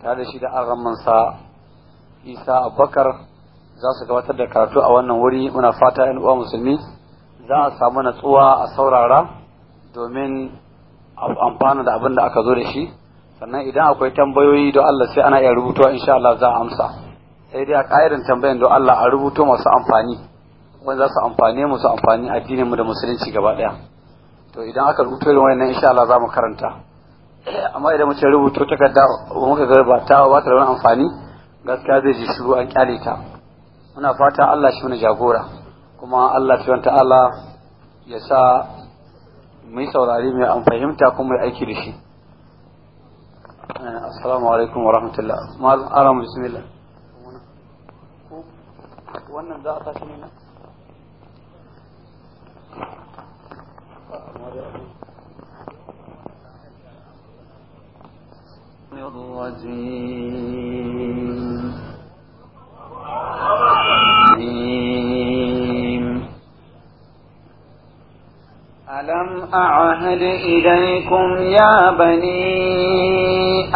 tare da shi da sa isa abubakar za su gabatar da karatu a wannan wuri muna fata yan uwa musulmi za a samu natsuwa a saurara domin amfana da abin da aka zo da shi sannan idan akwai tambayoyi don Allah sai ana iya rubutuwa insha Allah za a amsa sai dai a ƙa'irin tambayan don Allah a rubuto masu amfani wanda za su amfani mu su amfani addinin mu da musulunci gaba ɗaya to idan aka rubuto irin wannan insha Allah za mu karanta amma idan mace rubuta takarda muka ga ba ta ba ta da amfani gaskiya zai ji shiru an kyale ta muna fata Allah shi mana jagora kuma Allah subhanahu ta'ala ya sa mu saurari mai an fahimta kuma mai aiki da shi assalamu alaikum wa rahmatullah mal aram bismillah wannan za a tashi ne na ألم أعهد إليكم يا بني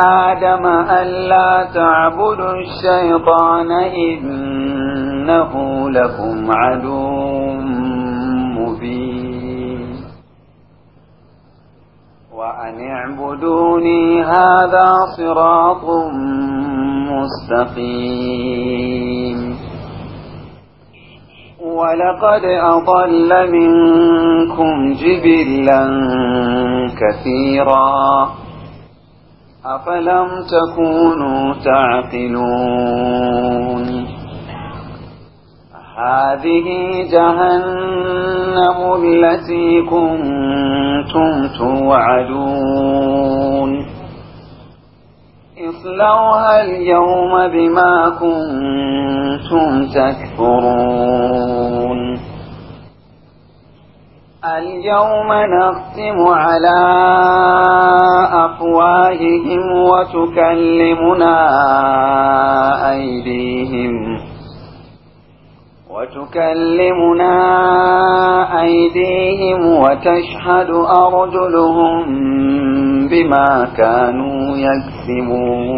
آدم ألا تعبدوا الشيطان إنه لكم عدو مبين أن اعبدوني هذا صراط مستقيم ولقد أضل منكم جبلا كثيرا أفلم تكونوا تعقلون هذه جهنم التي كنتم كنتم توعدون اصلوها اليوم بما كنتم تكفرون اليوم نختم على أفواههم وتكلمنا أيديهم وتكلمنا أيديهم وتشهد أرجلهم بما كانوا يكسبون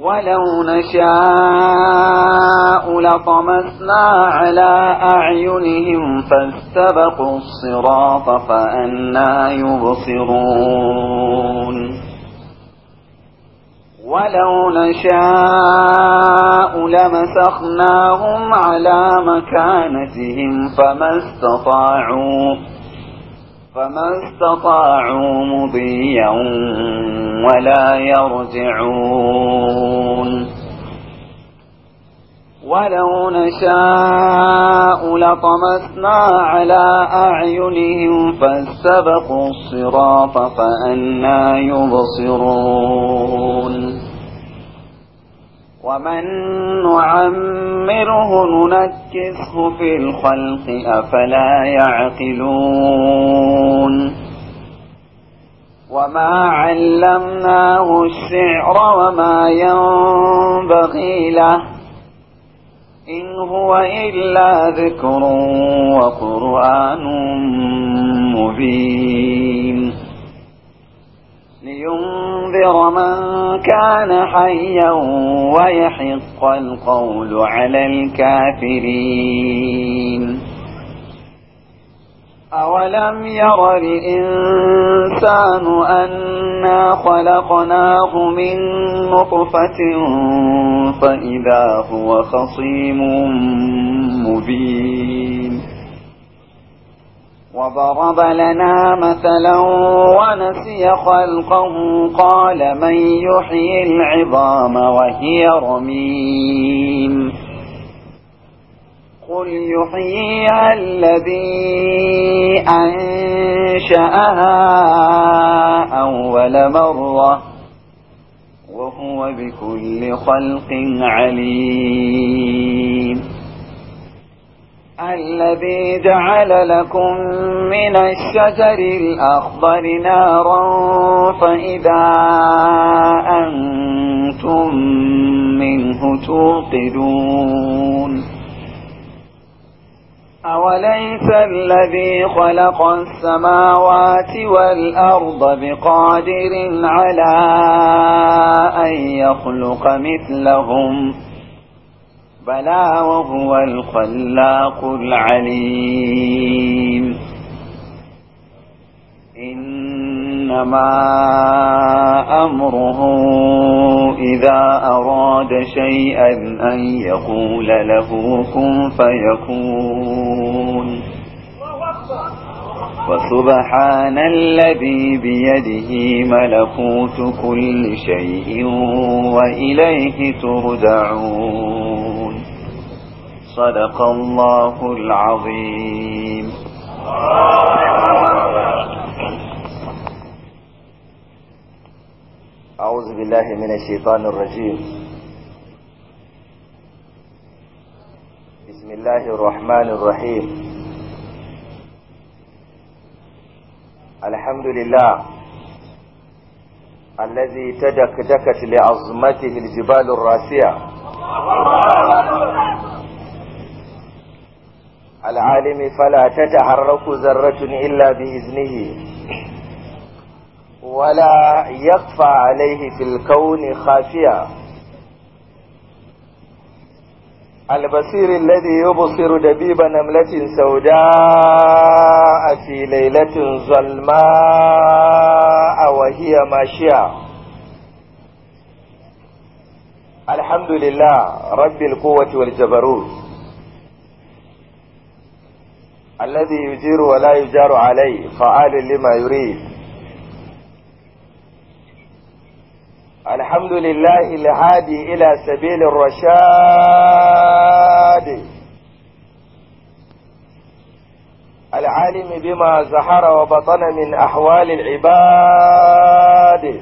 ولو نشاء لطمسنا على أعينهم فاستبقوا الصراط فأنا يبصرون ولو نشاء لمسخناهم على مكانتهم فما استطاعوا فما استطاعوا مضيا ولا يرجعون ولو نشاء لطمسنا على أعينهم فاستبقوا الصراط فأنا يبصرون ومن نعمره ننكسه في الخلق أفلا يعقلون وما علمناه الشعر وما ينبغي له إن هو إلا ذكر وقرآن مبين لينذر من كان حيا ويحق القول على الكافرين أولم ير الإنسان أنا خلقناه من نطفة فإذا هو خصيم مبين وضرب لنا مثلا ونسي خلقه قال من يحيي العظام وهي رميم قل يحييها الذي أنشأها أول مرة وهو بكل خلق عليم الذي جعل لكم من الشجر الأخضر نارا فإذا أنتم منه توقدون أوليس الذي خلق السماوات والأرض بقادر على أن يخلق مثلهم بلى وهو الخلاق العليم إنما أمره إذا أراد شيئا أن يقول له كن فيكون وسبحان الذي بيده ملكوت كل شيء وإليه تردعون صدق الله العظيم أعوذ بالله من الشيطان الرجيم بسم الله الرحمن الرحيم الحمد لله الذي تدكدكت لعظمته الجبال الراسية العالم فلا تتحرك ذرة إلا بإذنه ولا يخفى عليه في الكون خافيا البصير الذي يبصر دبيب نملة سوداء في ليلة ظلماء وهي ماشية الحمد لله رب القوة والجبروت الذي يجير ولا يجار عليه فعال لما يريد الحمد لله الهادي إلى سبيل الرشاد العالم بما زحر وبطن من أحوال العباد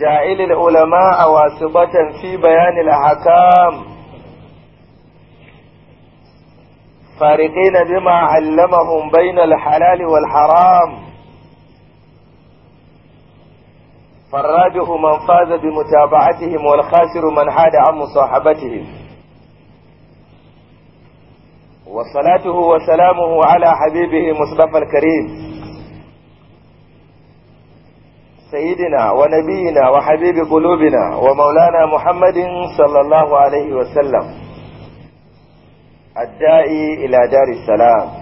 جائل العلماء واسطة في بيان الأحكام فارقين بما علمهم بين الحلال والحرام فالراجح من فاز بمتابعتهم والخاسر من حاد عن مصاحبتهم وصلاته وسلامه على حبيبه مصطفى الكريم سيدنا ونبينا وحبيب قلوبنا ومولانا محمد صلى الله عليه وسلم الداعي إلى دار السلام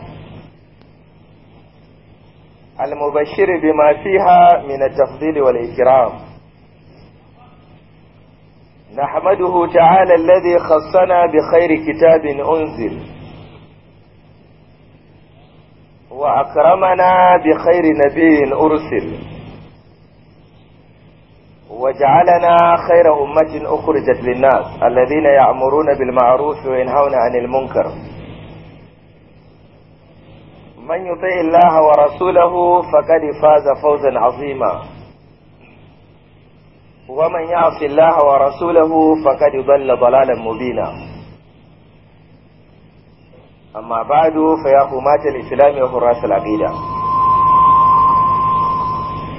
المبشر بما فيها من التفضيل والإكرام نحمده تعالى الذي خصنا بخير كتاب أنزل وأكرمنا بخير نبي أرسل وجعلنا خير أمة أخرجت للناس الذين يعمرون بالمعروف وينهون عن المنكر من يطع الله ورسوله فقد فاز فوزا عظيما ومن يعص الله ورسوله فقد ضل ضلالا مبينا أما بعد فيا حماة الإسلام وحراس العقيدة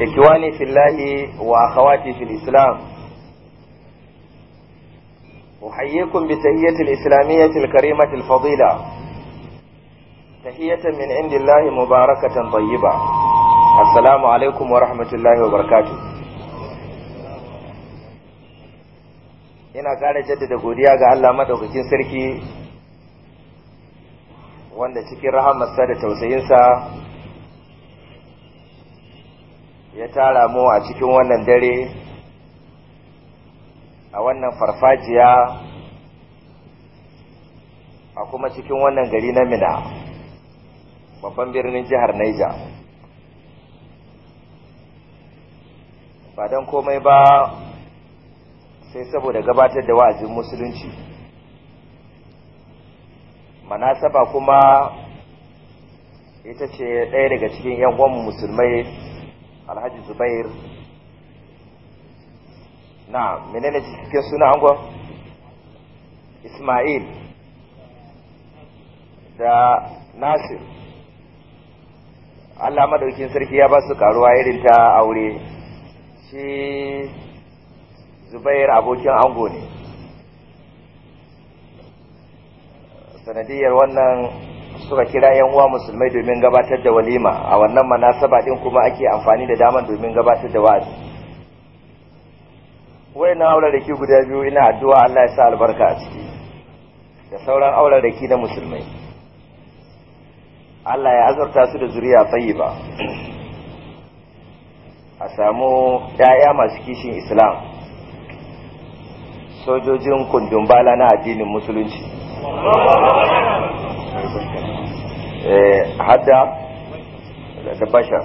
إخواني في الله وأخواتي في الإسلام أحييكم بتهية الإسلامية الكريمة الفضيلة تحيه min عند mubarakatan مباركه طيبه alaikum wa ورحمه wa وبركاته ina kare jaddada godiya ga Allah madaukakin sarki wanda cikin rahamarsa da tausayinsa ya tara mu a cikin wannan dare a wannan farfajiya a kuma cikin wannan gari na mina babban birnin jihar Niger ba don komai ba sai saboda gabatar da wa'azin musulunci manasaba kuma ita ce ɗaya daga cikin 'yan uwan musulmai alhaji zubair na menene cikin suna angon ismail da nasir Allah madaukin sarki ya ba su karuwa irin ta aure shi zubair abokin ango ne sanadiyar wannan suka kira yan uwa musulmai domin gabatar da walima a wannan manasaba din kuma ake amfani da daman domin gabatar da wa'azi wayannan aurareki guda biyu ina addu'a Allah ya sa albarka a ciki da sauran aurareki na musulmai Allah ya azurta su da zuriya ba, a samu ɗaya masu kishin islam sojojin kundin bala na addinin musulunci eh, hadda da bashar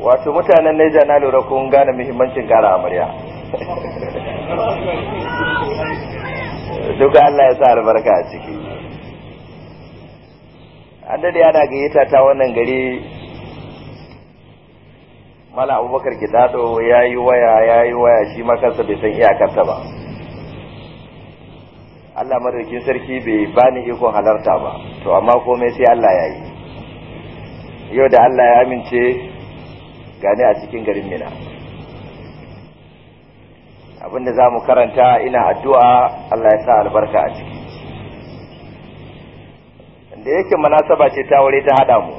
wato mutanen naija na lura kun gane muhimmancin kara amarya duka Allah ya sa albarka a ciki an dade ana gayyata ta wannan gari mala abubakar gidado ya yi waya ya yi waya shi makansa bai san iyakarta ba allah madarkin sarki bai bani ikon halarta ba to amma komai sai allah ya yi yau da allah ya amince gane a cikin garin mina abinda za mu karanta ina addu'a allah ya sa albarka a ciki da yake munasaba ce ta aure ta hada mu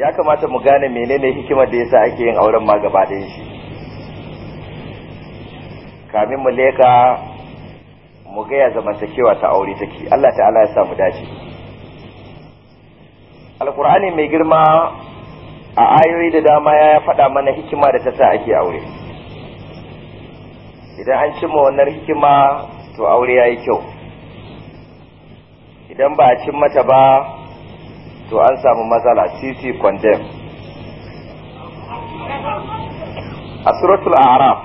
ya kamata mu gane menene hikimar da yasa ake yin auren ma gaba ɗayan shi kamin mu leka mu ga ya zamantakewa ta aure take Allah ta'ala ya sa mu dace alkur'ani mai girma a ayoyi da dama ya faɗa mana hikima da ta sa ake aure idan an cimma wannan hikima to aure yayi kyau idan ba a cin mata ba to an samu matsala cc condemn a suratul araf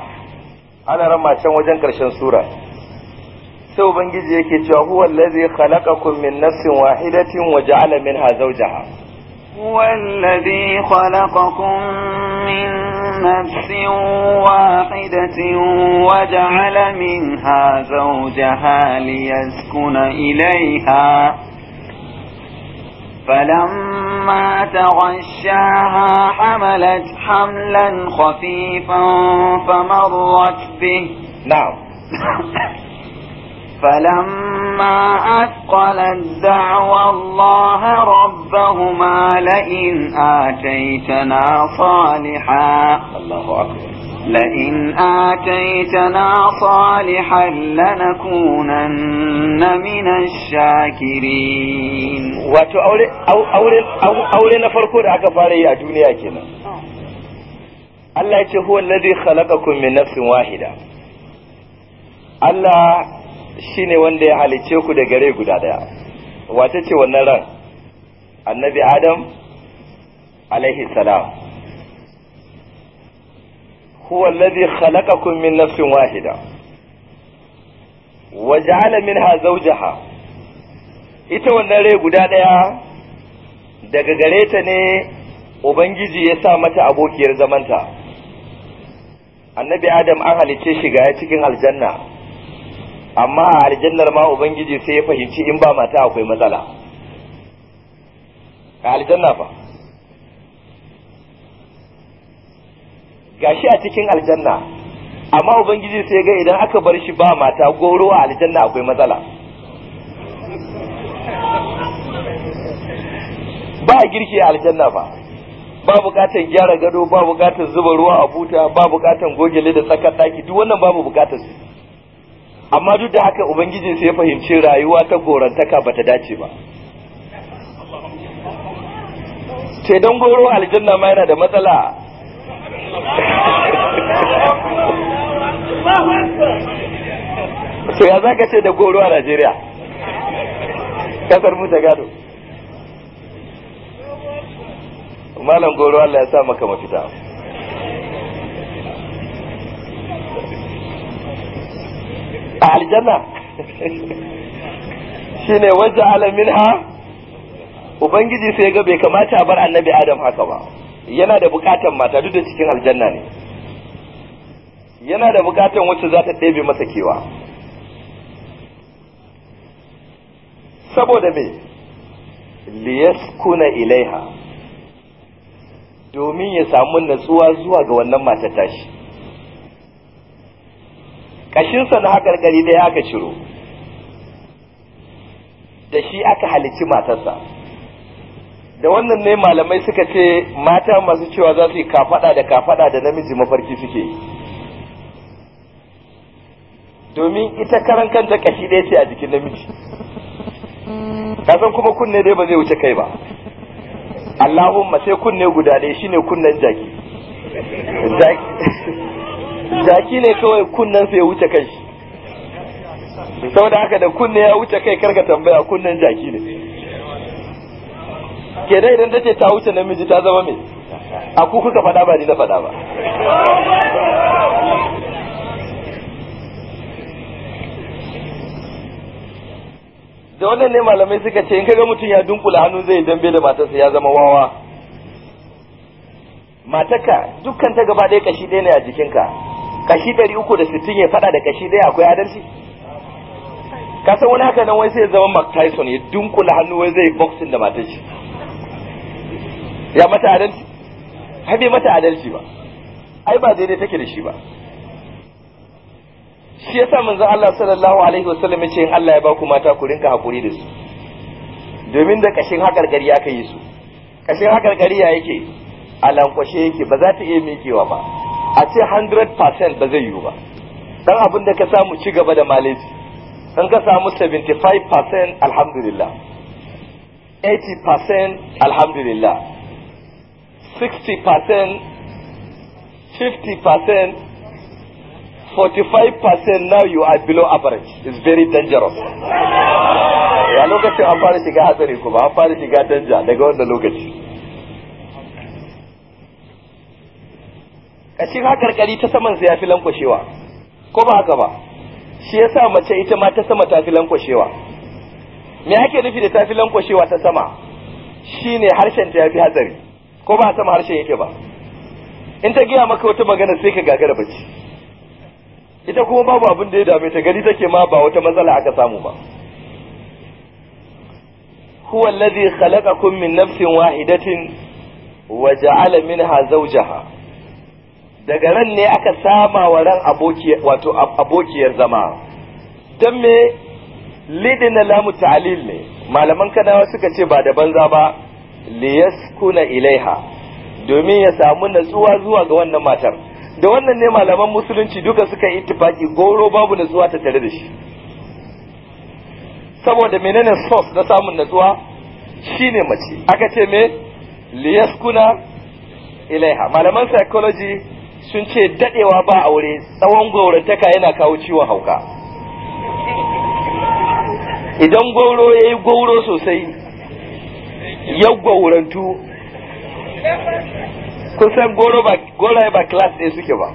ana rama can wajen ƙarshen sura sau ubangiji yake cewa huwa allazi khalaqakum min nafsin wahidatin wa ja'ala minha zawjaha huwa allazi khalaqakum min نفس واحدة وجعل منها زوجها ليسكن إليها فلما تغشاها حملت حملا خفيفا فمرت به نعم فلما فلما أثقل الدعوى الله ربهما لئن آتيتنا صالحا الله لئن آتيتنا صالحا لنكونن من الشاكرين واتو أولي أو أولي أو أولي نفركور أكفاري يا دنيا كنا الله هو الذي خلقكم من نفس واحدة الله Shi ne wanda ya halice ku da gare guda daya wata ce wannan ran annabi adam alaihi salam huwa alladhi khalaqakum min nafsin wahida wa ja'ala minha zawjaha ita wannan rai guda daya daga gare ta ne ubangiji ya sa mata abokiyar zamanta annabi adam an halice shi ga cikin aljanna amma a aljannar ma ubangiji sai ya fahimci in ba mata akwai matsala a aljanna fa gashi a cikin aljanna amma ubangiji sai ga idan aka bar shi ba mata goro a aljanna akwai matsala ba girki a aljanna fa ba bukatan gyara gado ba bukatan zuba ruwa a buta ba bukatan gogele da tsakar daki duk wannan babu bukatar su amma duk da haka ubangiji sai fahimci rayuwa ta gorantaka bata dace ba ce don goro aljanna ma yana da matsala sai ya zaka ce da goro a Najeriya kasar mu ta gado malam goro Allah ya sa maka mafita a aljanna shine waje alamin ha ubangiji sai ga bai kamata a bar annabi adam haka ba yana da bukatan mata duk da cikin aljanna ne yana da bukatan wacce za ta ɗebe masa kewa saboda me liyaskuna ilaiha domin ya samu natsuwa zuwa ga wannan matar tashi kashinsa na gari da ya ka ciro da shi aka halici matarsa da wannan ne malamai suka ce mata masu cewa za su yi kafada da kafada da namiji mafarki suke domin ita karan kanta kashi ɗaya ce a jikin namiji kasan kuma kunne dai ba zai wuce kai ba Allahumma sai kunne guda ɗaya shine kunnen jaki jaki ne kawai kunnen sai ya wuce kai saboda haka da kunne ya wuce kai karka tambaya kunnen jaki ne ke dai idan take ta wuce namiji ta zama me a ku kuka faɗa ba ni na faɗa ba da wannan ne malamai suka ce in kaga mutum ya dunkula hannu zai dambe da matarsa ya zama wawa mataka dukkan ta gaba ɗaya kashi ɗaya ne a jikinka kashi ɗari uku da sittin ya faɗa da kashi ɗaya akwai adalci ka san wani haka nan wai sai ya zama Mark Tyson ya dunkula hannu wai zai boxing da matar shi ya mata adalci ai bai mata adalci ba ai ba daidai take da shi ba shi yasa manzon Allah sallallahu alaihi wasallam ya ce in Allah ya ba ku mata ku rinka hakuri da su domin da kashin gari aka yi su kashin gari ya yake a lankwashe yake ba za ta iya mikewa ba a ce 100% ba zai yiwu ba dan abin da ka samu ci gaba da maleji dan ka samu 75% alhamdulillah 80% alhamdulillah 60% 50% 45% now you are below average is very dangerous ya lokacin an fara shiga hatsari kuma an fara shiga danja daga wanda lokaci kashin haƙarƙari ta saman ya fi lankwashewa ko ba haka ba shi yasa mace ita ma ta sama ta fi lankwashewa me ake nufi da ta fi lankwashewa ta sama shine harshen ta ya fi hatsari ko ba sama harshen yake ba in ta gaya maka wata magana sai ka gagara bacci ita kuma babu abin da ya dame ta gari take ma ba wata matsala aka samu ba huwa allazi khalaqakum min nafsin wahidatin wa ja'ala minha zawjaha daga ran ne aka sama wa ran wato abokiyar zama don me lidin na lamu ta'alil ne malaman kanawa suka ce ba da banza ba liyaskuna ilaiha domin ya samu natsuwa zuwa ga wannan matar da wannan ne malaman musulunci duka suka yi tufaki goro babu natsuwa ta tare da shi saboda menene source na samun natsuwa shine mace aka ce me liyaskuna ilaiha malaman psychology sun ce dadewa ba aure tsawon gaurantaka yana kawo ciwon hauka idan gauro ya yi gauro sosai ya gaurantu kusan goraye ba class ɗaya suke ba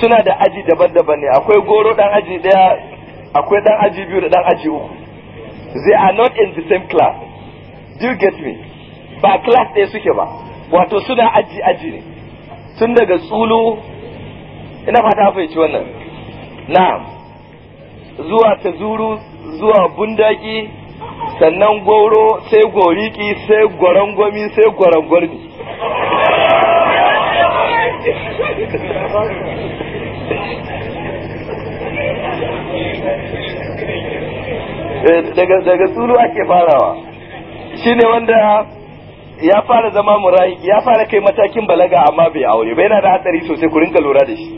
suna da aji daban-daban ne akwai goro dan aji daya akwai dan aji biyu da dan aji uku they are not in the same class do you get me ba class ɗaya suke ba wato suna aji aji ne tun daga tsulu ina fata fahimci wannan na'am zuwa ta zuru zuwa bundaki sannan goro sai goriki sai gwarangwami sai gwarangwarni eh, daga tsulu ake farawa ne wanda ya fara zama murayi ya fara kai matakin balaga amma bai aure ba yana da hatsari sosai ku rinka lura da shi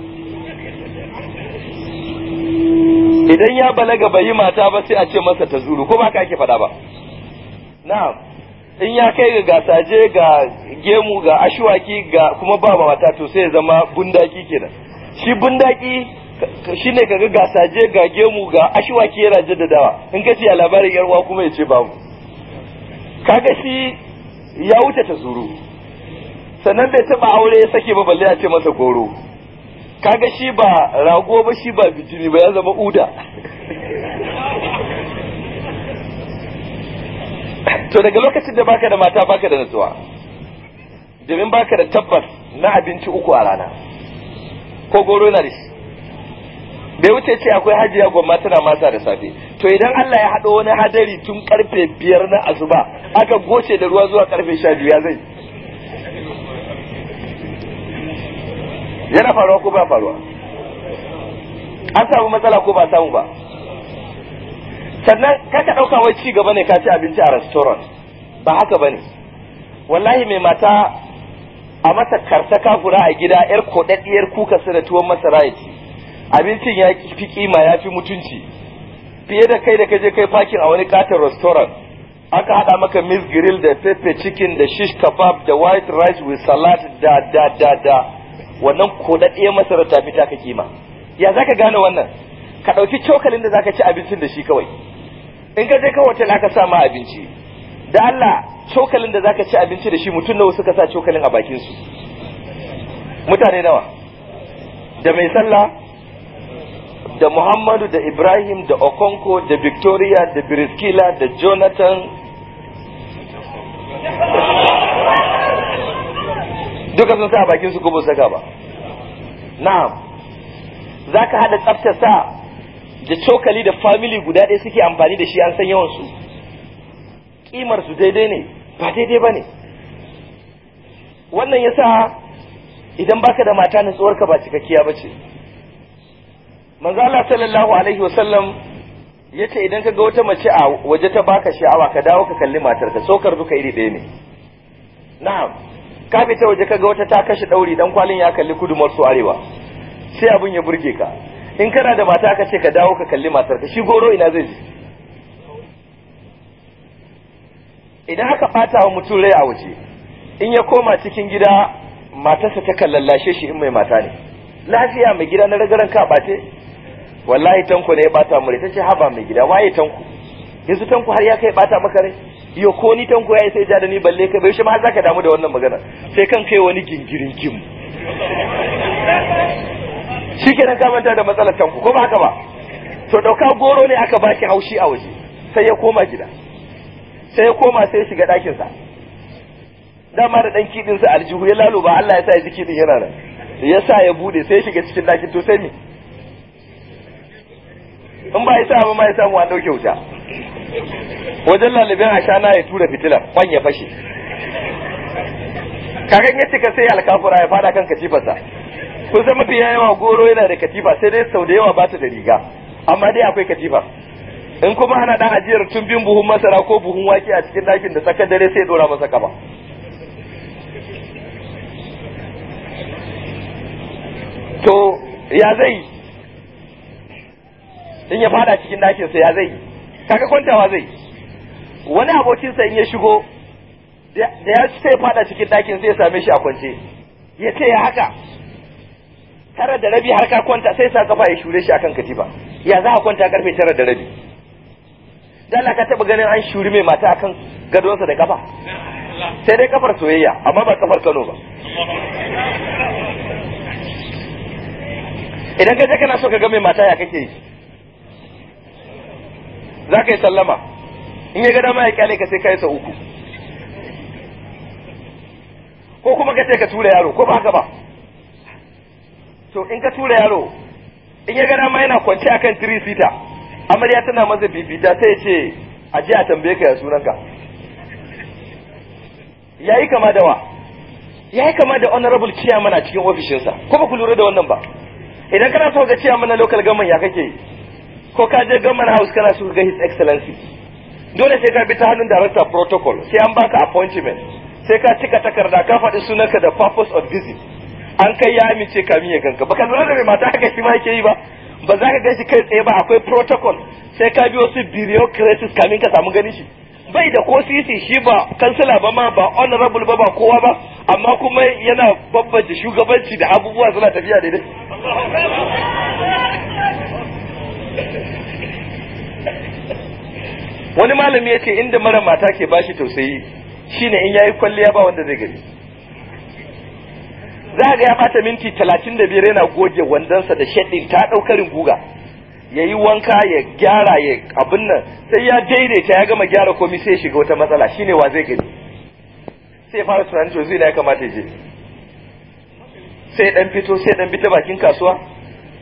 idan ya balaga bai yi mata ba sai a ce masa ta zuru ko ba ka ake faɗa ba na'am in ya kai ga gasaje ga gemu ga ashwaki ga kuma ba mata to sai ya zama bundaki kenan shi bundaki shi ne kaga gasaje ga gemu ga ashwaki yana jaddadawa in ka ce a labarin yarwa kuma ya ce babu kaga shi ya wuce ta zuru sannan bai taba aure ya sake ba balle ya ce masa goro kaga shi ba rago ba shi ba bijimi ba ya zama uda to daga lokacin da baka da mata baka da natsuwa domin baka da tabbas na abinci uku a rana ko goro yana da shi bai wuce ce akwai hajiya gwamma tana masa da safe to idan Allah ya haɗo wani hadari tun karfe biyar na asuba aka goce da ruwa zuwa karfe sha biyu ya zai yana faruwa ko ba faruwa an samu matsala ko ba samu ba sannan kaka ɗauka wai ci gaba ne ka ci abinci a restaurant ba haka ba ne wallahi mai mata a masa karta kafura a gida yar koɗaɗɗiyar kuka su da tuwon masara ya ci abincin ya fi kima ya fi mutunci fiye da kai da kaje kai fakin a wani katon restaurant aka hada maka miss grill da pepper chicken da shish kebab da white rice with salad da da da da wannan kodaɗe masara ta fi taka kima ya zaka gane wannan ka ɗauki cokalin da zaka ci abincin da shi kawai in ka je ka hotel aka sa ma abinci da Allah cokalin da zaka ci abinci da shi mutum nawa suka sa cokalin a bakin su mutane nawa da mai sallah da Muhammadu da Ibrahim da Okonko da Victoria da Briskila da Jonathan duka sun sa bakin su kuma saka ba na'am za ka tsafta sa da cokali da famili guda ɗaya suke amfani da shi an san yawansu kimar su daidai ne ba daidai ba ne wannan yasa idan baka da mata nutsuwarka ba cikakkiya ba ce manzo Allah sallallahu alaihi wasallam yace idan ka ga wata mace a waje ta baka sha'awa ka dawo ka kalli matar ka sokar duka iri ɗaya ne na'am ka fita waje ka ga wata ta kashe dauri dan kwalin ya kalli kudu marso arewa sai abin ya burge ka in kana da mata ka ce ka dawo ka kalli matar ka shi goro ina zai ji idan aka fata wa mutum rai a waje in ya koma cikin gida matarsa ta kallallashe shi in mai mata ne lafiya mai gida na ragaran ka ɓace wallahi tanko ne ya bata mu rai tace haba mai gida waye tanko yanzu tanko har ya kai bata maka rai yo ko ni tanko yayi sai ja da ni balle kai bai shi ma har zaka damu da wannan magana sai kan kai wani gingirin kim shikenan ka manta da matsalar tanko ko ba haka ba to dauka goro ne aka baki haushi a waje sai ya koma gida sai ya koma sai shiga dakin sa dama da dan kidin sa aljihu ya laluba Allah ya sa ya ji kidin yana nan ya sa ya bude sai ya shiga cikin dakin to sai me in ba ya sa ba ma ya samu an dauke wuta wajen lalibin shana ya tura fitilar kwan ya fashe kakan ya cika sai alkafura ya fada kan katifarsa kun san mafi yawa goro yana da katifa sai dai sau da yawa ba ta da riga amma dai akwai katifa in kuma ana dan ajiyar tumbin buhun masara ko buhun wake a cikin ɗakin da tsakar dare sai dora masa kaba to ya zai in ya fada cikin ɗakin sa ya zai kaga kwantawa zai wani abokin sa in ya shigo da ya ce sai fada cikin ɗakin sai ya same shi a kwance ya ce ya haka tara da rabi har ka kwanta sai sa kafa ya shure shi akan katifa ya za a kwanta karfe tara da rabi da Allah ka taba ganin an shuri mai mata akan gadonsa da kafa sai dai kafar soyayya amma ba kafar Kano ba idan ka je kana so ka ga mai mata ya kake yi za ka yi sallama in ya ga dama ya ka sai ka yi sa uku ko kuma ka ce ka tura yaro ko ba ka ba to in ka tura yaro in ya ga dama yana kwance akan three seater amarya tana masa bibita sai ce a ji a tambaye ka ya ya yi kama da wa ya yi kama da honorable chairman a cikin ofishinsa ko ba ku lura da wannan ba idan kana so ga chairman na local government ya kake ko ka je government house kana so ga his excellency dole sai ka bi ta hannun director protocol sai an baka appointment sai ka cika takarda ka faɗi sunanka da purpose of visit an kai ya amince ka ya ganka baka lura da mai mata haka shi ma yake yi ba ba za ka gashi kai tsaye ba akwai protocol sai ka bi wasu bureaucracies kamin ka samu gani shi bai da ko sisi shi ba kansila ba ma ba honorable ba ba kowa ba amma kuma yana babbace shugabanci da abubuwa suna tafiya daidai wani malami ya ce inda mara mata ke bashi tausayi shine in yayi kwalliya ba wanda zai gani za ga ya bata minti talatin da biyar yana goge wandonsa da shaɗin ta ɗaukarin guga ya yi wanka ya gyara ya abin nan sai ya daidaita ya gama gyara komi sai ya shiga wata matsala shine wa zai gani sai fara tunanin to zai na ya kamata ya je sai dan fito sai ɗan bi ta bakin kasuwa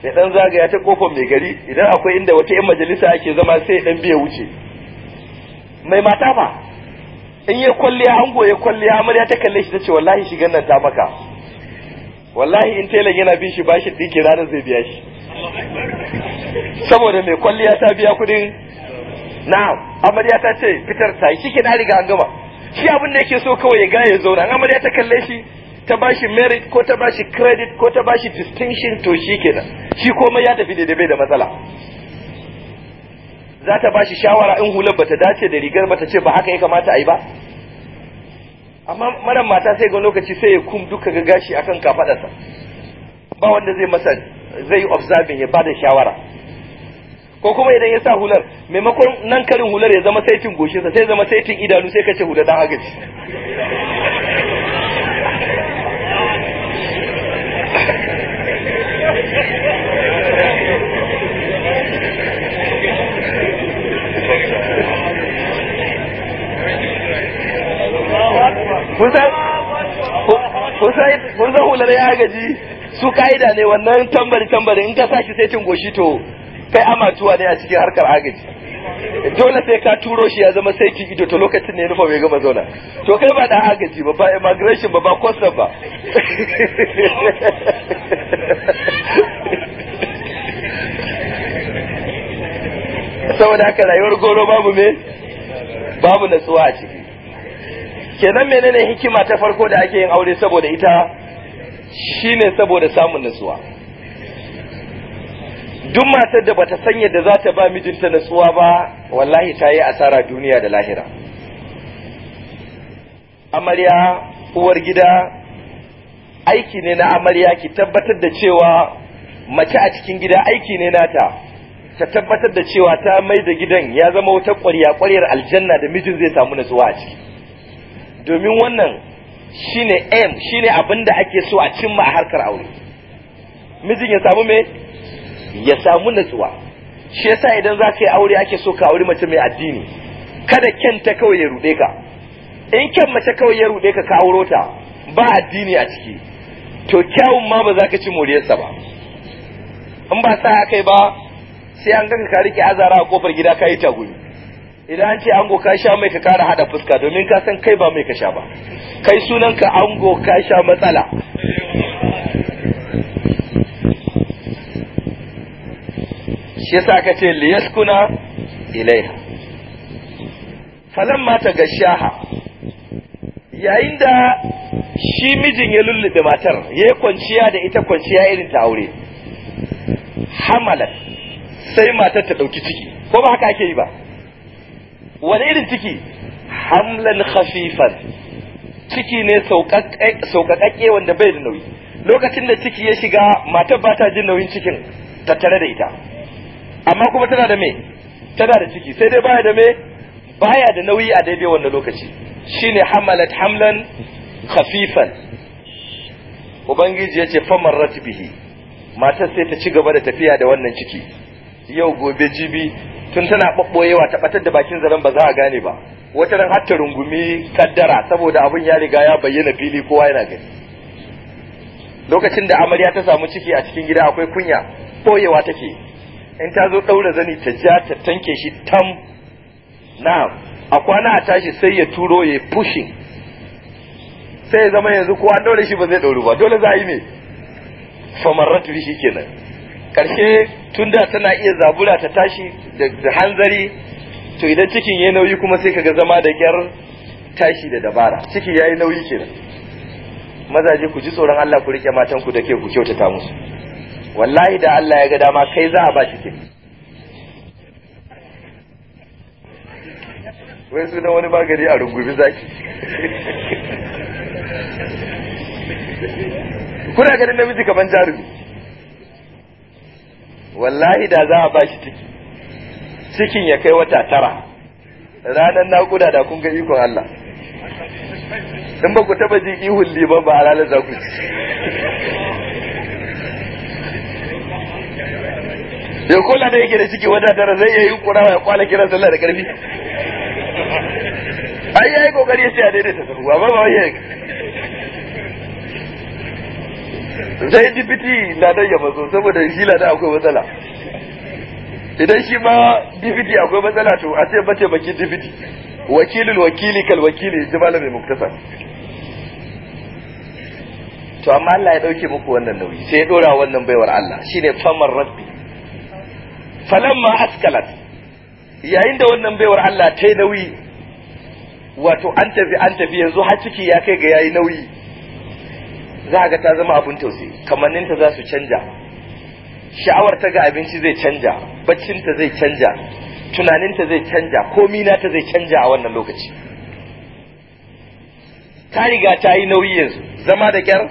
ya dan zagaya ta kofar mai gari idan akwai inda wata yan majalisa ake zama sai dan biya wuce mai mata ba in ya kwalliya ango ya kwalliya amarya ta kalle shi ta wallahi shigan nan ta maka wallahi in telan yana bin shi bashi dinki ranar zai biya shi saboda mai kwalliya ta biya kudin na amarya ta ce fitar ta shi ke na riga an gama shi abin da yake so kawai ya gaya ya zauna amarya ta kalle shi ta bashi merit ko ta bashi credit ko ta bashi distinction to shi kenan shi komai ya tafi da bai da matsala za ta bashi shawara in hular bata dace da rigar bata ce ba haka ya kamata a yi ba amma maran mata sai ga lokaci sai ya kum duka ga gashi akan kafadarsa ba wanda zai masa zai yi observing ya bada shawara ko kuma idan ya sa hular maimakon nan karin hular ya zama saitin goshinsa sai zama saitin idanu sai kace hular dan agaji kun san hular ya gaji su ka'ida ne wannan tambari tambari in ka sashi sai goshi to kai amatuwa ne a cikin harkar agaji dole sai ka turo shi ya zama sai ki ido to lokacin ne nufa bai gama zauna to kai ba da agaji ba ba immigration ba ba custom ba saboda haka rayuwar goro babu me babu na a ce kenan menene hikima ta farko da ake yin aure saboda ita shine saboda samun nutsuwa duk matar da bata san yadda zata ba mijinta nutsuwa ba wallahi ta yi asara duniya da lahira amarya uwar gida aiki ne na amarya ki tabbatar da cewa mace a cikin gida aiki ne nata ta tabbatar da cewa ta mai da gidan ya zama wata ƙwarya ƙwaryar aljanna da mijin zai samu nutsuwa a ciki domin wannan shine aim shine abin da ake so a cimma a harkar aure mijin ya samu me ya samu natsuwa shi yasa idan za ka yi aure ake so ka aure mace mai addini kada kyanta kawai ya rude ka in kyan mace kawai ya rude ka ka auro ta ba addini a ciki to kyawun ma ba za ka ci moriyarsa ba in ba sa kai ba sai an ganka ka rike azara a kofar gida ka yi tagumi idan an ce ango ka sha mai ka kara hada fuska domin ka san kai ba mai ka sha ba kai sunan ka ango ka sha matsala shi yasa ka ce liyaskuna ilaiha falamma ta gashaha yayin da shi mijin ya lullube matar ya kwanciya da ita kwanciya irin ta aure hamalat sai matar ta ɗauki ciki ko ba haka ake yi ba wani irin ciki hamlan khafifan ciki ne sauƙaƙaƙe wanda bai da nauyi lokacin da ciki ya shiga matar ba ta jin nauyin cikin tattare da ita amma kuma tana da me tana da ciki sai dai baya da me baya da nauyi a daidai wannan lokaci shine hamalat hamlan khafifan ubangiji ya ce famar matar sai ta ci gaba da tafiya da wannan ciki yau gobe jibi tun tana ɓaɓɓoyewa ta ɓatar da bakin zaren ba za a gane ba wata ran hatta rungumi kaddara saboda abin ya riga ya bayyana fili kowa yana gani lokacin da amarya ta samu ciki a cikin gida akwai kunya ɓoyewa take in ta zo ɗaura zani ta ja ta tanke shi tam na a kwana a tashi sai ya turo ya pushing sai ya zama yanzu kowa ɗaure shi ba zai ɗauru ba dole za a yi ne famarrat shi kenan karshe tunda tana iya zabura ta tashi da hanzari to idan cikin ya nauyi kuma sai kaga zama da kyar tashi da dabara ciki ya yi nauyi kenan mazaje ku ji tsoron Allah ku rike matan ku da ke ku kyautata musu wallahi da Allah ya ga dama kai za a ba kin wai sunan wani bagari a rungubi zaki kuna ganin namiji kaman jarumi wallahi da za a ba shi ciki cikin ya kai wata tara ranar naƙuda da kun ga ikon Allah in ba ku taba jin ihun liban ba a ranar za ku ci ya kula da yake da ciki wata tara zai iya yin kurawa ya kwala kiran sallah da karfi ai yayi kokari ya ce a daidaita sahu amma ba wai sai dipiti ladan ya mazo saboda shi ladan akwai matsala idan shi ma dipiti akwai matsala to a ce bace baki dipiti wakilul wakili kal wakili ji malamin muktasar to amma Allah ya dauke muku wannan nauyi sai ya dora wannan baiwar Allah shine famar rabbi falamma askalat yayin da wannan baiwar Allah ta yi nauyi wato an tafi an tafi yanzu har ciki ya kai ga yayi nauyi za ga ta zama abin tausayi kamanninta za su canja sha'awar ta ga abinci zai canja baccinta zai canja tunaninta zai canja komina ta zai canja a wannan lokaci ta riga ta yi nauyi yanzu zama da kyar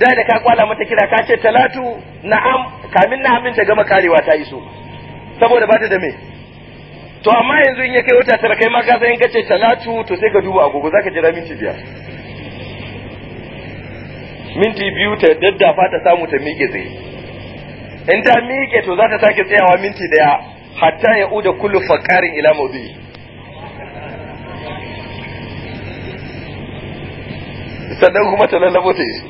da da ka kwala mata kira ka ce talatu na'am kamin na aminta gama karewa ta iso saboda ba ta da me to amma yanzu in ya kai wata tara kai ma ka san in ka ce talatu to sai ka duba agogo zaka jira minti biyar minti biyu ta daddafa ta samu ta miƙe tsaye in ta miƙe to za ta sake tsayawa minti daya hatta ya uda kullu faƙarin ila mawdi sannan kuma ta lallabo ta isu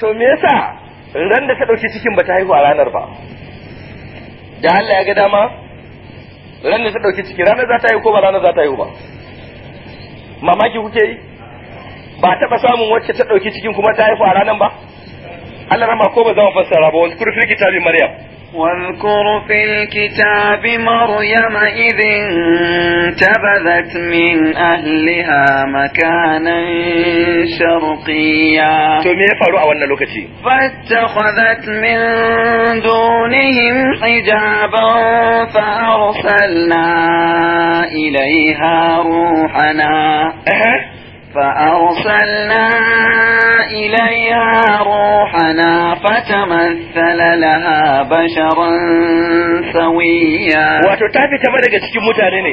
to me yasa ran da ta ɗauki cikin ba ta haihu a ranar ba da Allah ya ga dama ran da ta ɗauki ciki ranar za ta haihu ko ba ranar za ta haihu ba mamaki kuke yi ba taɓa samun wacce ta ɗauki cikin kuma ta haifu a ranar ba Allah rama ko ba zama fassara ba wani kurfin kitabin Maryam واذكر في الكتاب مريم إذ انتبذت من أهلها مكانا شرقيا فاتخذت من دونهم حجابا فأرسلنا إليها روحنا فأرسلنا إليها روحنا فتمثل لها بشرا سويا وتتابع تبدأ cikin mutane ne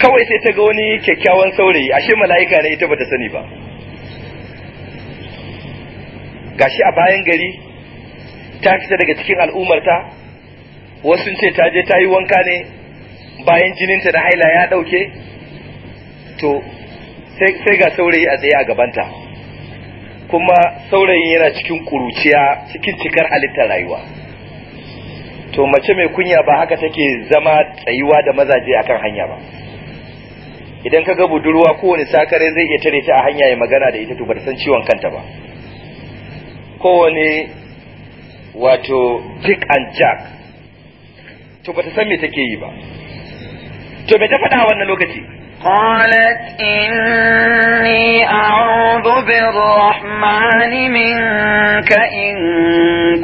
kawai sai ta ga wani kyakkyawan saurayi ashe mala'ika ne ta bata sani ba gashi a bayan gari ta fita daga cikin al'ummarta wasu ce ta je ta yi wanka ne bayan jininta da haila ya ɗauke to sai ga saurayi a tsaye a gabanta kuma saurayin yana cikin kuruciya cikin cikar halittar rayuwa to mace mai kunya ba haka take zama tsayuwa da mazaje akan hanya ba idan ka ga budurwa kowane sakare zai iya tare ta a hanya ya magana da ita to ba ta san ciwon kanta ba kowane wato dick and jack to ba ta san me take yi ba to me ta faɗa wannan lokaci قالت إني أعوذ بالرحمن منك إن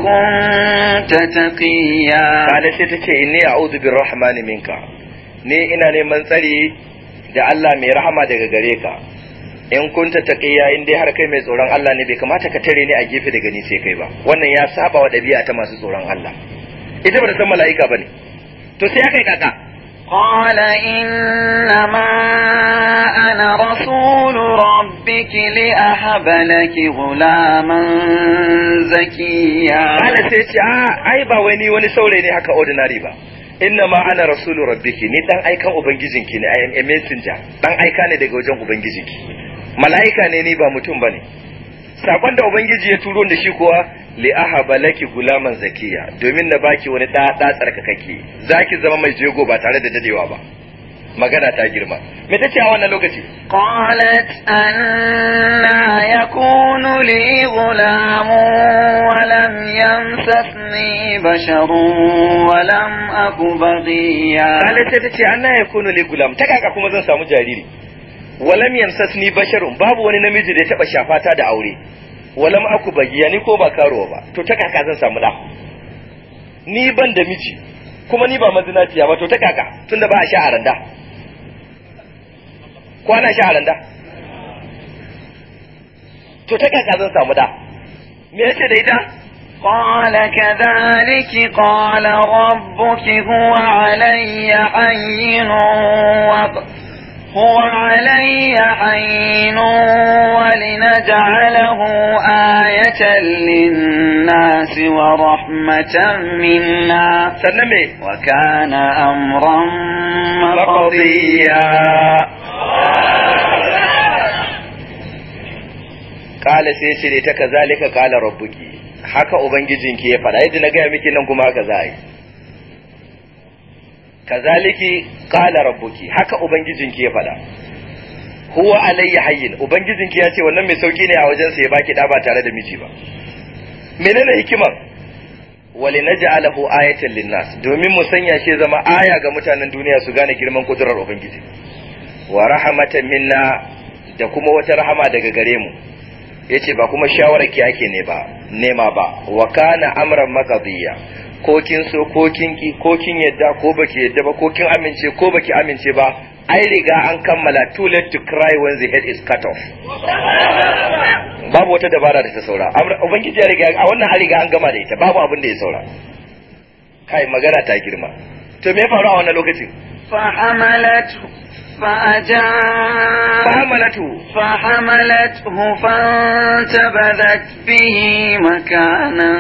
كنت تقيا قالت تتي إني أعوذ بالرحمن منك ni ina neman tsari da Allah mai rahama daga gare ka in kunta taqiya in dai har kai mai tsoron Allah ne bai kamata ka tare ni a gefe daga ni sai kai ba wannan ya saba wa dabi'a ta masu tsoron Allah ita ba ta san mala'ika bane to sai ya kai kaka قال إنما أنا رسول ربك لأحب لك غلاما زكيا أنا سيتي أي باويني وني سوليني سوري ني هكا أودناري با إنما أنا رسول ربك ني دان أيكا أوبنجيزنكي ني أي أم messenger دان أيكا ني daga wajen ubangijinki mala'ika ne ni ba mutum sakon da ubangiji ya turo da shi kuwa li ahaba laki gulaman zakiya domin na baki wani da da tsarkakake zaki zama mai jego ba tare da dadewa ba magana ta girma me tace a wannan lokaci qalat anna yakunu li gulamu wa lam yamsasni basharu wa lam aku baghiya qalat tace anna yakunu li gulam ta kaka kuma zan samu jariri walam yamsasni basharun babu wani namiji da ya taba shafata da aure walam aku bagiya ko ba karuwa ba to ta kaka zan samu da ni ban da miji kuma ni ba mazinaciya ba to ta kaka tunda ba a sha aranda ana sha aranda to ta kaka zan samu da me yace da ita قال كذلك قال ربك هو علي حين وقت وعلي عين ولنجعله آية للناس ورحمة منا سلمي وكان أمرا مقضيا قال سيشري تكذلك قال ربك haka Ubangijinki ya faɗa yadda na gaya miki nan kuma haka za a yi. kazaliki qala rabbuki haka ubangijinki ya faɗa huwa alayya hayyin ki ya ce wannan mai sauki ne a wajen sa ya baki da ba tare da miji ba menene hikimar walinaj'alahu ayatan linnas domin mu sanya shi zama aya ga mutanen duniya su gane girman kudurar ubangiji wa rahmatan minna da kuma wata rahama daga gare mu yace ba kuma shawarar ki ake ne ba nema ba wa kana amran maqdiya ko kin so ko kin ki ko kin yadda ko baki yadda ba ko kin amince ko baki amince ba ai riga an kammala too late to cry when the head is cut off babu wata dabara da ta saura ubangiji ya riga a wannan an riga an gama da ita babu abin da ya saura kai magana ta girma to me faru a wannan lokacin fa amalatu فأجاء فحملته فحملته فانتبذت به مكانا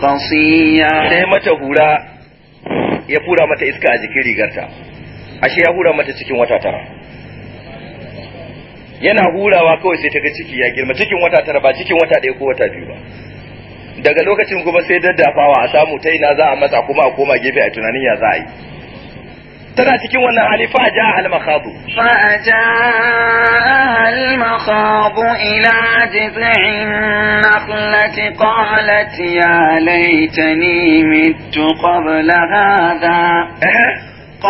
قصيا sai mata hura ya fura mata iska a jikin rigarta ashe ya hura mata cikin wata yana hurawa kawai sai ta ga ciki ya girma cikin wata tara ba cikin wata ɗaya ko wata biyu ba daga lokacin kuma sai daddafawa a samu ta ina za a matsa kuma a koma gefe a tunanin ya za a yi tana cikin wannan hali fa ja al makhadu fa ja al makhadu ila jiz'in nakhlati qalat ya laytani mittu qabla hadha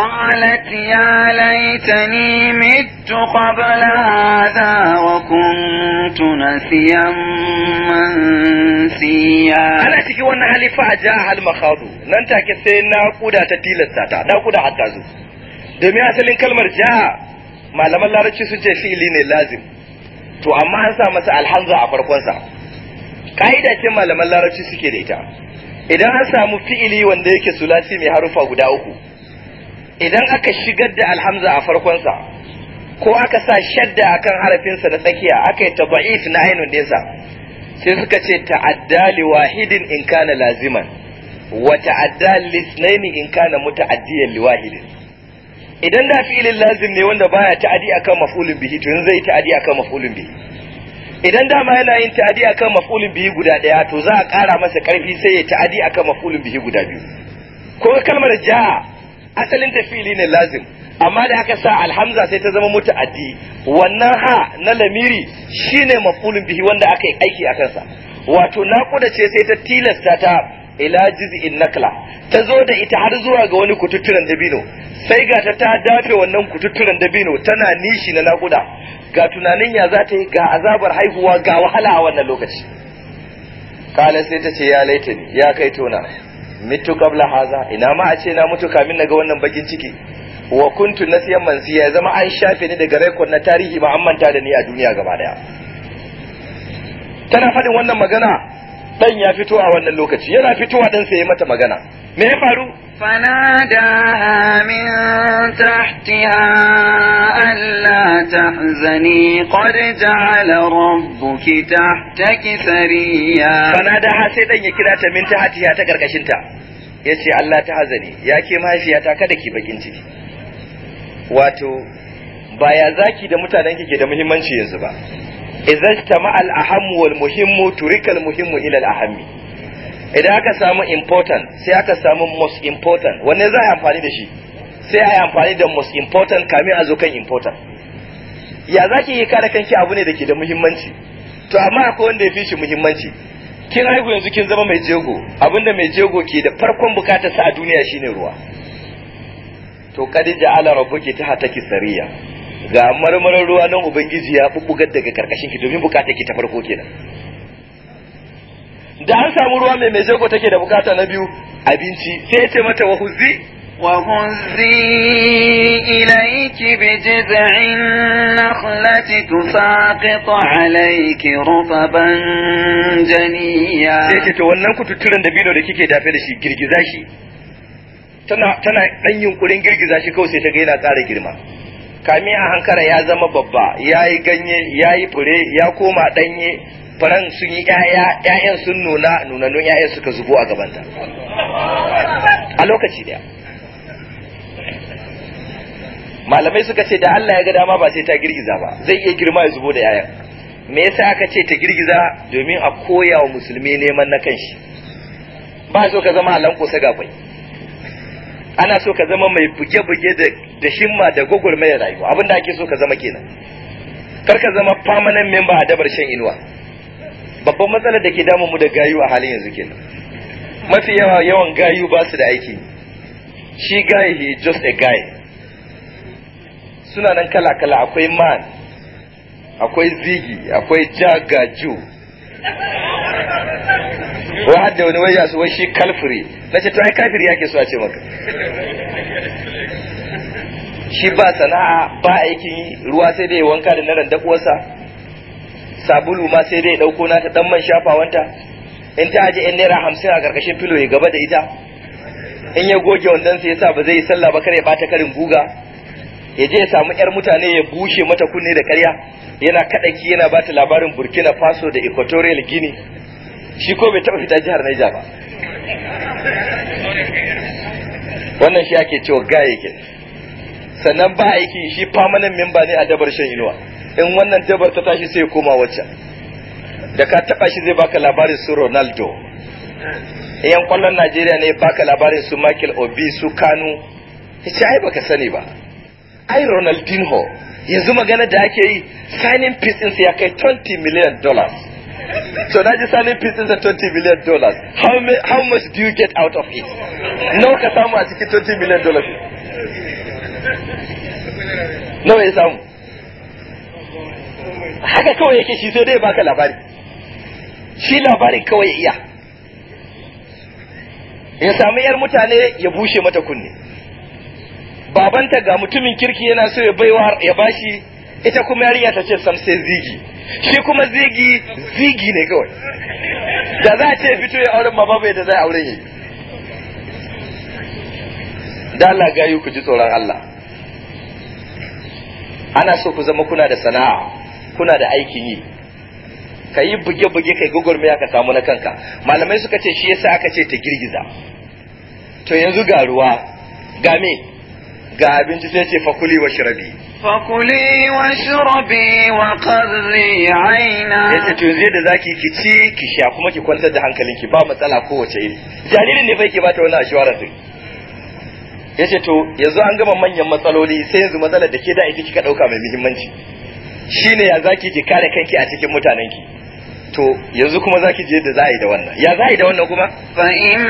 قالت يا ليتني مت قبل هذا وكنت نسيا منسيا ana cikin wannan hali a ja hal makhadu nan take sai naƙuda ta tilasta ta naƙuda hatta zo domin asalin kalmar jaha malaman larabci su ce fi'ili ne lazim to amma an sa masa alhamza a farkonsa ka'ida ce malaman larabci suke da ita idan an samu fi'ili wanda yake sulasi mai harufa guda uku idan aka shigar da alhamza a farkonsa ko aka sa shadda akan harafinsa na tsakiya aka yi taba'if na ainun nesa sai suka ce ta'adda li wahidin in kana laziman wa ta'adda lisnaini in kana muta'addiyan li wahidin idan da fi'ilin lazim ne wanda baya ta'adi akan maf'ulun bihi to yanzu zai ta'adi akan maf'ulun bihi idan dama yana yin ta'adi akan maf'ulun bihi guda daya to za a ƙara masa ƙarfi sai ya ta'adi akan maf'ulun bihi guda biyu ko kalmar ja'a asalin ta fili ne lazim amma da aka sa alhamza sai ta zama muta'addi wannan ha na lamiri shine maf'ulun bihi wanda aka yi aiki a kansa wato naƙuda ce sai ta tilasta ta ila jiz'in nakla ta zo da ita har zuwa ga wani kututturen dabino sai ga ta ta dafe wannan kututturen dabino tana nishi na nakuda ga tunanin ya za ta yi ga azabar haihuwa ga wahala a wannan lokaci kala sai ta ce ya laitani ya kai tona mitu qabla haza ina ma a ce na mutu kamin na ga wannan bakin ciki wa kuntu nasiyan ya zama an shafe ni daga rekod na tarihi ba an manta da ni a duniya gaba daya tana fadin wannan magana dan ya fito a wannan lokaci yana fitowa dan sai mata magana me ya faru فناداها من تحتها ألا تحزني قد جعل ربك تحتك ثريا فناداها سيدان يكرات من تحتها تكركشنتا yace Allah ta hazani ya ke mahaifiyata kada ki bakin ciki wato ba zaki da mutanen ke da muhimmanci yanzu ba idza tama'al ahammu wal muhimmu muhimmu idan aka samu important sai aka samu most important wanne za a yi amfani da shi sai a yi amfani da most important kamin a zo kan important ya zaki ki yi kare kanki abu ne da ke da muhimmanci to amma akwai wanda ya fi shi muhimmanci kin haihu yanzu kin zama mai jego abinda mai jego ke da farkon bukatar sa a duniya shine ruwa to kadin ja'ala rabbuki ta hataki sariya ga marmarin ruwa nan ubangiji ya bubbugar daga karkashin ki domin bukatar ki ta farko kenan da an samu ruwa mai mai jego take da bukata na biyu abinci sai ce mata wa huzi wa huzi ilayki bi jiz'in nakhlati tusaqit alayki rutban janiya sai ce to wannan kututturen da bido da kike dafe da shi girgiza shi tana tana dan yunkurin girgiza shi kawai sai ta ga yana ƙara girma Kami a hankara ya zama babba ya yi ganye ya yi fure ya koma ɗanye faran sun yi ƴaƴa ƴaƴan sun nuna nunannun ƴaƴan suka zubo a gabanta a lokaci daya malamai suka ce da Allah ya ga dama ba sai ta girgiza ba zai iya girma ya zubo da ƴaƴan me yasa aka ce ta girgiza domin a koya wa musulmi neman na kanshi ba so ka zama halan ga gafai ana so ka zama mai buge-buge da shimma da gwagwarmayar rayuwa abinda ake so ka zama kenan kar ka zama permanent member a dabar shan inuwa babban matsalar da ke damun mu da gayu a halin yanzu kenan mafi yawan gayu ba su da aiki shi guy he just a guy suna nan kala kala akwai man akwai zigi akwai jagaju wa hadda wani waya su wai shi kalfuri? na ce to kafiri yake so a ce maka shi ba sana'a ba aikin ruwa sai dai wanka da na randakuwarsa sabulu ma sai dai dauko na ta dan man shafawanta in ta aje in naira hamsin a karkashin filo ya gaba da ita in ya goge wannan sai yasa ba zai yi sallah ba kare ya bata karin guga ya je ya samu yar mutane ya bushe mata kunne da karya yana kadaki yana bata labarin Burkina Faso da Equatorial Guinea shi ko bai taba fita jihar Niger ba wannan shi ake cewa gayyake sannan ba aiki shi famanin memba ne a dabar shan inuwa in wannan dabar ta tashi sai koma wacce da ka taba shi zai baka labarin su Ronaldo yan kwallon Najeriya ne baka labarin su Michael Obi su Kanu yace ai baka sani ba ai Ronaldinho yanzu magana da ake yi signing fees din ya kai 20 million dollars so na ji signing fees din 20 million dollars how how much do you get out of it nawa ka samu a cikin 20 million dollars nawa ya samu haka kawai yake shi sai dai baka labari shi labari kawai iya ya samu yar mutane ya bushe mata kunne babanta ga mutumin kirki yana so ya baiwa ya bashi ita kuma yariya ta ce sam sai zigi shi kuma zigi zigi ne kawai da za a ce fito ya auren ma babu da za a auren yi da Allah gayu ku ji tsoron Allah ana so ku zama kuna da sana'a kuna da aikin yi ka yi buge-buge kai gugurmiya ka samu na kanka malamai suka ce shi yasa aka ce ta girgiza to yanzu ga ruwa ga me ga abinci sai ce fakuli wa shirabi fakuli wa shirabi wa qarri aina yace to yanzu da zaki ki ci ki sha kuma ki kwantar da hankalinki ba matsala kowace iri jaririn ne bai ke bata wannan ashwara Ya yace to yanzu an gama manyan matsaloli sai yanzu matsalar da ke da ita kika dauka mai muhimmanci shine ya zaki je kare kanki a cikin mutanenki to yanzu kuma zaki je da za a yi da wannan ya za a yi da wannan kuma fa in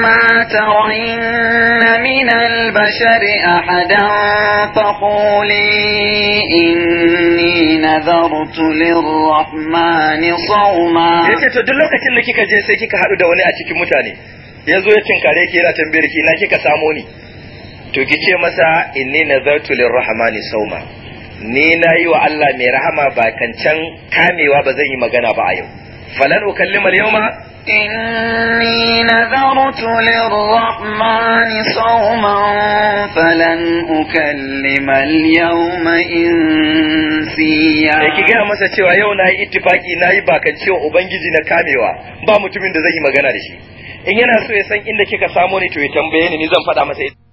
ma tarinna min al bashar ahadan fa quli inni nadartu lirrahmani sawma yace to duk lokacin da kika je sai kika hadu da wani a cikin mutane yazo ya tinkare ki yana tambayar ki na kika samo ni to ki ce masa inni nadartu lirrahmani sawma ni na yi wa Allah mai rahama ba kancan kamewa ba zan yi magana ba a yau falan ukallima al-yawma إني نذرت للرحمن صوما فلن أكلم insiya Da ki gaya masa cewa yau na yi ittifaki na yi bakan cewa ubangiji na kamewa ba mutumin da zai yi magana da shi in yana so ya san inda kika samo ni to ya tambaye ni ni zan faɗa masa